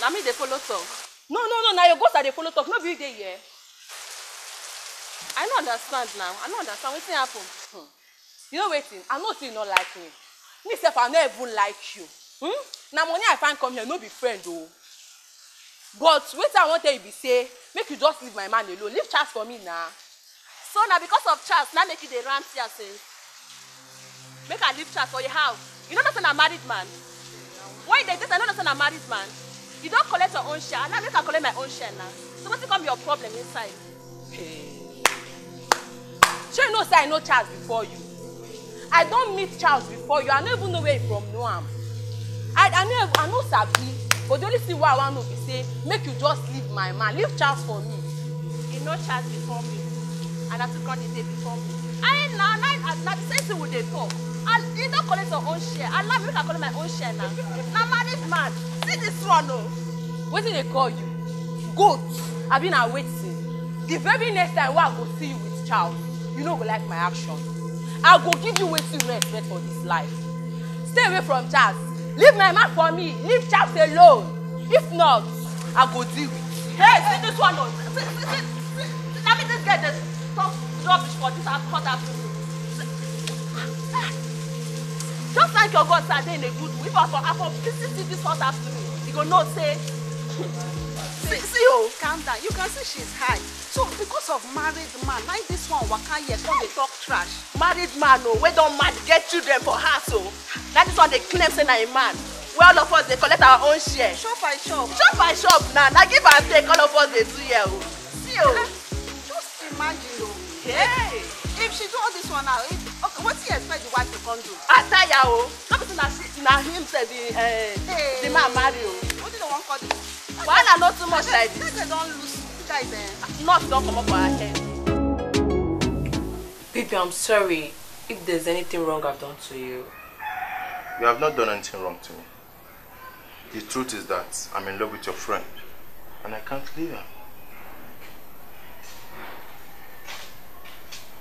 na me dey follow talk no no no na your ghost i dey follow talk no be you dey here i no understand now i no understand wetin happen hmm. you know wetin i know say you no like me me sef i no even like you hmm? na money i find come here no be friend o oh. but wetin i wan tell you be say make you just leave my man alone leave chance for me na so na because of chance na make you dey rant here since make i leave chance for your house you no know say na married man Why you dey date i no know say na married man. You don't collect your own share. Now make I collect my own share now. So what's come your problem inside? Hey. Sure you know say I know Charles before you. I don't meet Charles before you. I don't even know where he from know am. I I know I know Sabi, but the only thing wey I want to be say make you just leave my man. Leave Charles for me. He know Charles before me. And I took on the day before me. I ain't now, now, now the same thing we dey talk. I, he's not calling his own share. I love you can call my own share now. now man is mad. See this one, oh. What did they call you? Goat. I've been awaiting. The very next time where I go see you with child, you know go like my action. I go give you way you no expect for this life. Stay away from Charles. Leave my man for me. Leave Charles alone. If not, I go deal with you. Hey, see this one, oh. Let me just get this talk rubbish for this. I've caught up to you thank your God say I dey in a good mood if I for I for visit see this hot afternoon you go know say see see oh calm down you can see she's high so because of married man na like this one waka here come dey talk trash married man oh wey don mad get children for house oh na this one dey claim say na a man wey all of us dey collect our own share. shop by shop. shop by shop na na give and take all of us dey do here Oh, see o. Oh. just imagine oh, Hey. if she do all this one now if Okay, wetin you expect the wife to come do? I tell ya o, no be na na him say the uh, hey. the man marry o. Wetin the one call this? Wahala no too much like this. Guys don lose guys eh. Nurse don comot for her head. Baby, I'm sorry if there's anything wrong I've done to you. You have not done anything wrong to me. The truth is that I'm in love with your friend and I can't leave her.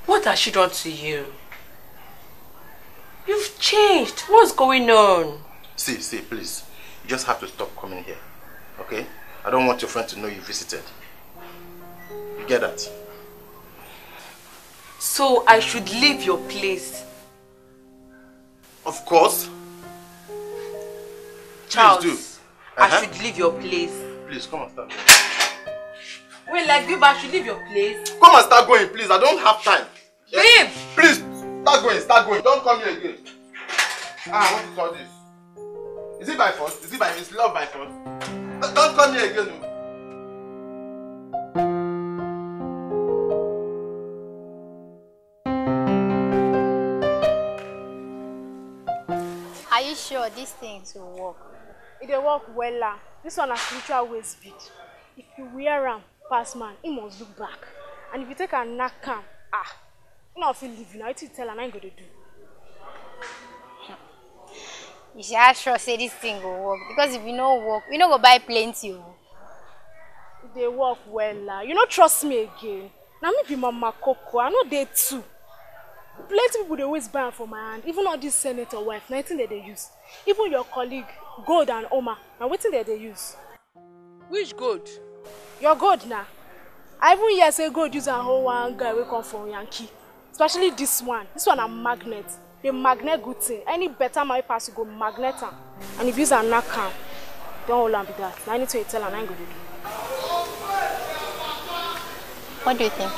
What has she done to you? You've changed. What's going on? See, see, please. You just have to stop coming here. Okay? I don't want your friend to know you visited. You get that? So I should leave your place? Of course. Charles, please do. Uh -huh. I uh-huh. should leave your place. Please, come and start going. Wait, like babe, I should leave your place? Come and start going, please. I don't have time. Babe! Please, start going, start going. Don't come here again. Ah, what is all this? Is it by force? Is it by his love by force? Don't, don't come here again. No. Oh. Are you sure these things will work? It will work well, wella. This one has spiritual waist bead. If you wear am pass man, he must look back. And if you take a knack am, ah, he no fit leave you na. Wetin tell am na him go dey do you should have sure say this thing go work because if you no work you no go buy plenty o. Oh. e dey work wella you no trust me again Now, me be mama koko i know they too plenty people they always buy for my hand even all this senator wife Nothing that they use even your colleague gold and oma na wetin dem dey use. which gold. your gold na i even hear say gold use a whole one guy wey come from yankee especially this one this one a magnet dey magnet good thing any better money pass you go magnet am and if you are not knack don't hold on with that Now I need to tell her I him going to do. what do you think.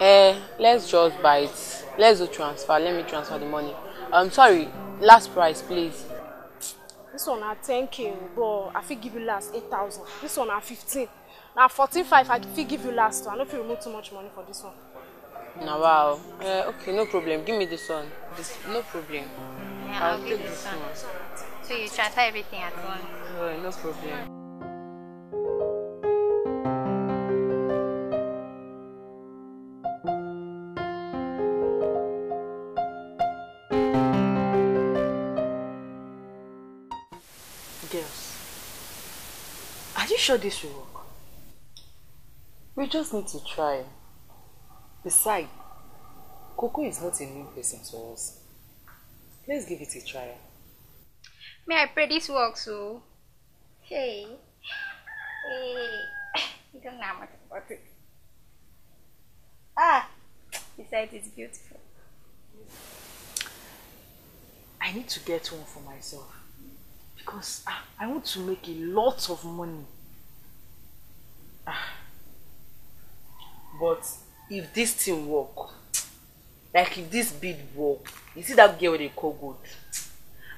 Eh, uh, let's just buy it. Let's do transfer. Let me transfer the money. Um, sorry, last price, please. This one na 10k, but I fit give you last 8,000. This one na 15. Na 14.5, I fit give you last. I no fit remove too much money for this one. No wow uh, okay no problem give me this one this no problem yeah, i'll, I'll take this one. one so you transfer everything at once uh, no problem Girls, are you sure this will work? We just need to try. Besides, Coco is not a new person to us. Let's give it a try. May I pray this works, so? Oh. Hey. Hey. You don't know much about it. Ah! Besides, it's beautiful. I need to get one for myself. Because ah, I want to make a lot of money. Ah. But if this thing work like if this bid work you see that girl wey dey call gold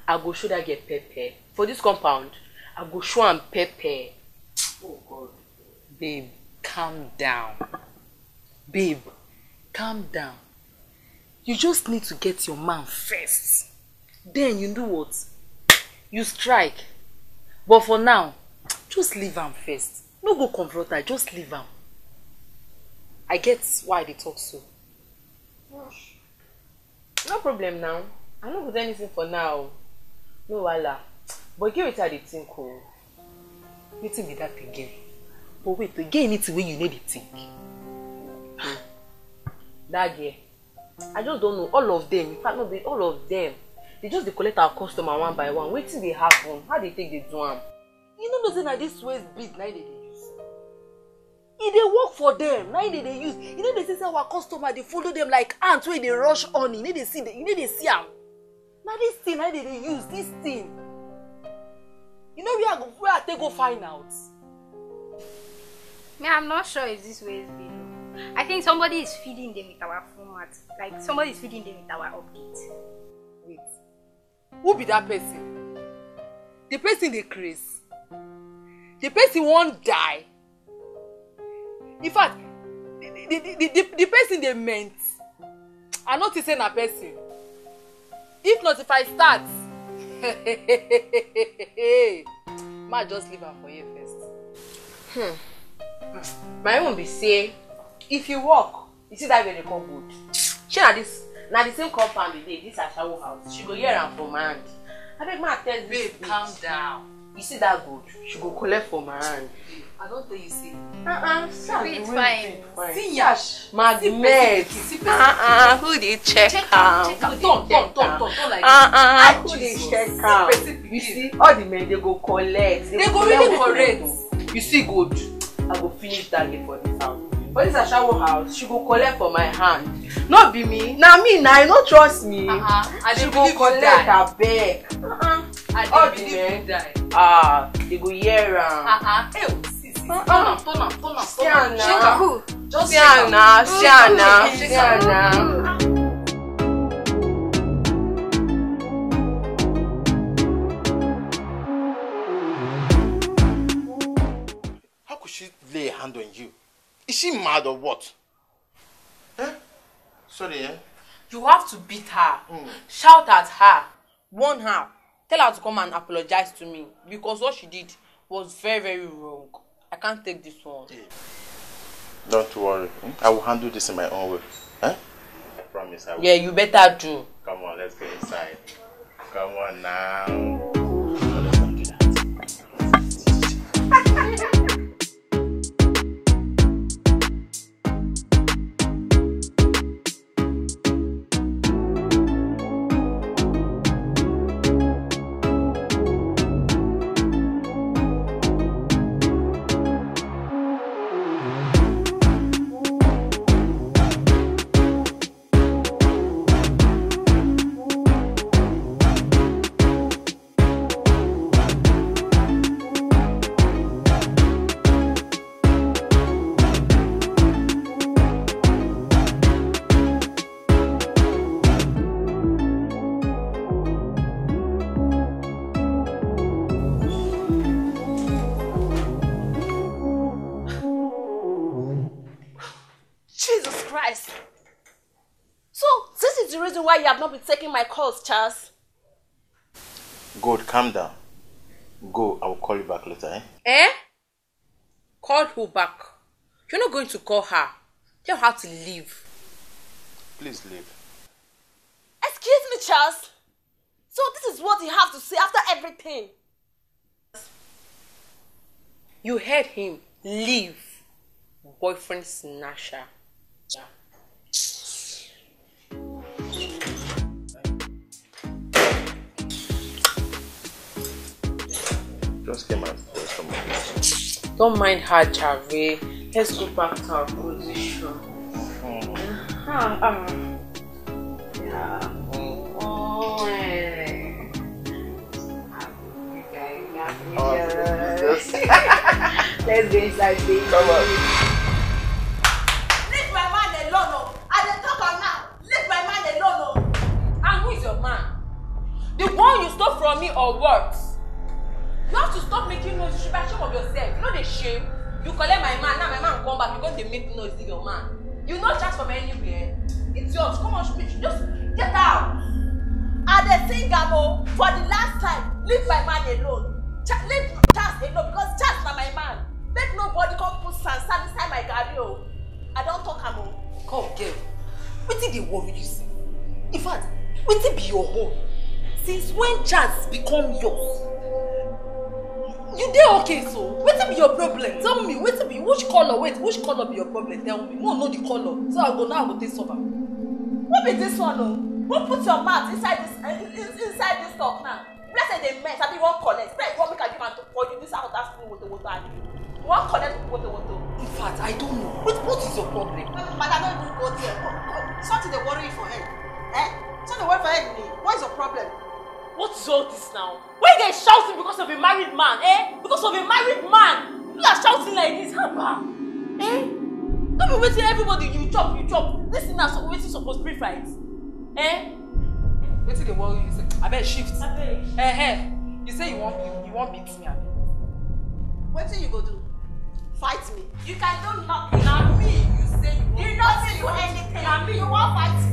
i go show that girl pepper for this compound i go show am pepper oh god babe calm down babe calm down you just need to get your man first then you do what you strike but for now just leave am first no go confront her just leave am i get why they talk so no problem now i don't put anything for now no wahala but get wetin i dey think o wetin be that again but wait again it's anything wey you need dey think hmm. that girl i just don't know all of them in fact not all of them they just dey collect our customer one by one wetin they happen how they think they do am you know nothing na this waist bead na dey e dey work for dem na im dey dey use you no dey see say our customer dey follow dem like ant wey dey rush on you no dey see you no dey see am na dis thing na im dey dey use dis thing you know where i go where i take go find out. me i'm not sure if this way is the law i think somebody is feeding them with our format like somebody is feeding them with our update. wait who be that person the person dey craze the person wan die in fact the the the the, the person dey meant i no think say na person if not if i start ma just leave am for here first. Hmm. my own be say if you work you see that girl dey come good shey na this na the same compound we dey this ashawo house she go hear am from hand abeg ma tell this babe calm down You see that gold? She go collect for my hand. I don't think you see. Uh-uh. See, it's fine. fine. See ya. Magnet. Uh-uh. Who did check her? Check her. Turn, turn, turn, turn, Uh-uh. Who did check am? You see, all the men, they go collect. They, go really correct. You see good? I go finish that day for this house. for this shower house she go collect for my hand Not be me Now me Now you no trust me uh -huh. she go collect abeg. Uh -huh all the men ah they go hear am. turn am turn am turn am turn am shake am just shake am shake am shake am. How could she lay a hand on you? Is she mad or what? Eh? Sorry, eh? You have to beat her, mm. shout at her, warn her, tell her to come and apologize to me because what she did was very very wrong i can't take this one. don't worry i will handle this in my own way. Huh? Eh? I promise i will. yeah you better do. come on let's go inside come on now. why you have not been taking my calls, Charles. Good, calm down. Go, I will call you back later. Eh? eh? Call who back? You're not going to call her. Tell her to leave. Please leave. Excuse me, Charles. So this is what you have to say after everything. You heard him. Leave. Boyfriend snatcher. Yeah. just came and told someone. Don't mind her, Jare. Let's go back to our position. Oh, Let's go inside, baby. Come on. Leave my man alone. Oh. I dey talk now. Leave my man alone. Oh. And who is your man? The one you stole from me or what? You have to stop making noise. You should be ashamed of yourself. You know the shame? You collect my man, now my man come back because they make noise with your man. You no chance from anywhere. It's yours. Come on, bitch. Just get out. And the thing, Gamo oh, for the last time. Leave my man alone. Ch leave Charles alone because Charles is my man. Let nobody come put sand inside my garri o. Oh. I don't talk am oh. Come girl, wetin dey worry you see? In fact, wetin be your home? Since when Charles become yours? you dey okay so wetin be your problem tell me wetin be which color? wait which color be your problem tell me mo know the color. so i go now i go take solve What be this one Oh, who put your mouth inside this? uh, inside this talk now Blessing the mess. I be one collect Blessing, wan make i give and to for you this out afternoon woto woto abi you wan collect woto woto. in fact i don't know what what is your problem. madam don't even go there something dey worry for head eh something dey worry for head me what is your problem. What is all this now? Why you guys shouting because of a married man, eh? Because of a married man! You are shouting like this, Haba! Eh? Don't be waiting everybody, you chop, you chop. This is not waiting supposed to be fight. Eh? Wetin the world, you say. sef? Abeg shift. bet. Eh eh. You say you want, you, you wan beat me What do you go do? Fight me. You can do nothing. Na me you say you wan. You no do anything. Na me you wan fight me.